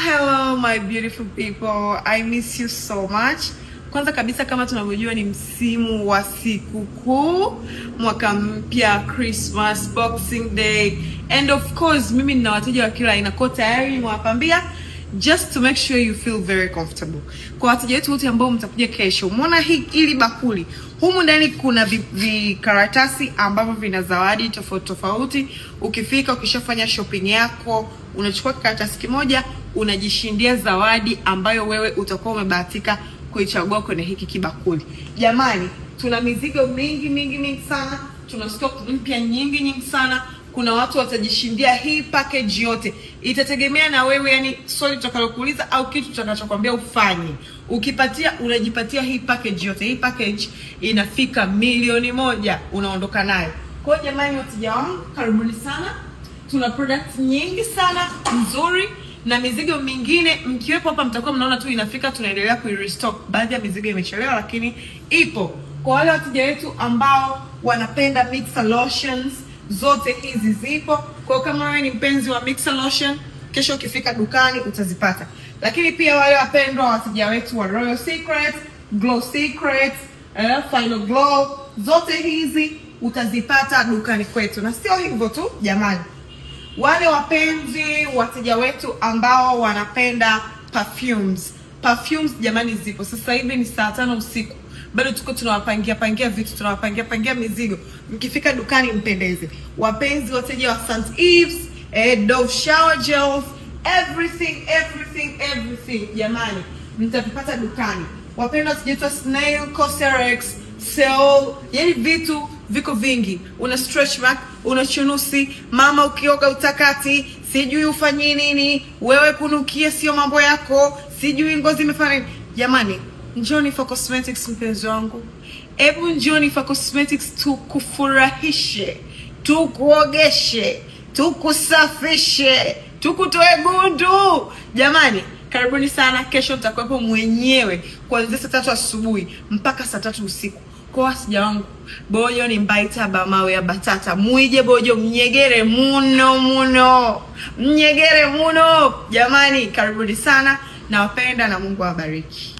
Hello my beautiful people, I miss you so much. Kwanza kabisa kama tunavyojua ni msimu wa sikukuu, mwaka mpya, Christmas, Boxing Day and of course mimi nina wateja wa kila aina, ko tayari mwapambia just to make sure you feel very comfortable. Kwa wateja wetu wote ambao mtakuja kesho, umeona hili ili bakuli humu ndani kuna vikaratasi ambavyo vina zawadi tofauti tofauti. Ukifika ukishafanya shopping yako, unachukua kikaratasi kimoja, unajishindia zawadi ambayo wewe utakuwa umebahatika kuichagua kwenye hiki kibakuli. Jamani, tuna mizigo mingi mingi mingi sana, tuna stock mpya nyingi nyingi sana kuna watu watajishindia hii package yote, itategemea na wewe, yani swali utakalokuuliza au kitu utakachokwambia ufanye, ukipatia unajipatia hii package yote. Hii package inafika milioni moja, unaondoka nayo. Kwa hiyo jamani, wateja wangu karibuni sana, tuna products nyingi sana nzuri na mizigo mingine mkiwepo hapa, mtakuwa mnaona tu inafika, tunaendelea kuirestock. Baadhi ya mizigo imechelewa, lakini ipo. Kwa wale wateja wetu ambao wanapenda mixer lotions zote hizi zipo. Kwa kama wewe ni mpenzi wa mixer lotion, kesho ukifika dukani utazipata. Lakini pia wale wapendwa wateja wetu wa Royal Secret, Glow Secret, eh, Final Glow, zote hizi utazipata dukani kwetu. Na sio hivyo tu jamani, wale wapenzi wateja wetu ambao wanapenda perfumes, perfumes jamani zipo sasa hivi ni saa tano usiku bado tuko tunawapangia pangia vitu, tunawapangia pangia mizigo. Mkifika dukani mpendeze wapenzi wateja wa St Ives, eh, Dove shower gels, everything everything everything, jamani mtapata dukani. Wapendwa, sijaitwa Snail, Cosrx, Seoul, yani vitu viko vingi. Una stretch mark, una chunusi, mama ukioga utakati, sijui ufanyi nini, wewe kunukia sio mambo yako, sijui ngozi imefanya jamani Njoni for Cosmetics, mpenzi wangu, hebu njoni for Cosmetics tukufurahishe, tukuogeshe, tukusafishe, tukutoe gundu. Jamani, karibuni sana. Kesho nitakuwepo mwenyewe kuanzia saa tatu asubuhi mpaka saa tatu usiku. Kwa wasija wangu bojo ni mbaita bamawe ya batata, mwije bojo, mnyegere muno muno, mnyegere muno. Jamani, karibuni sana, nawapenda na Mungu awabariki.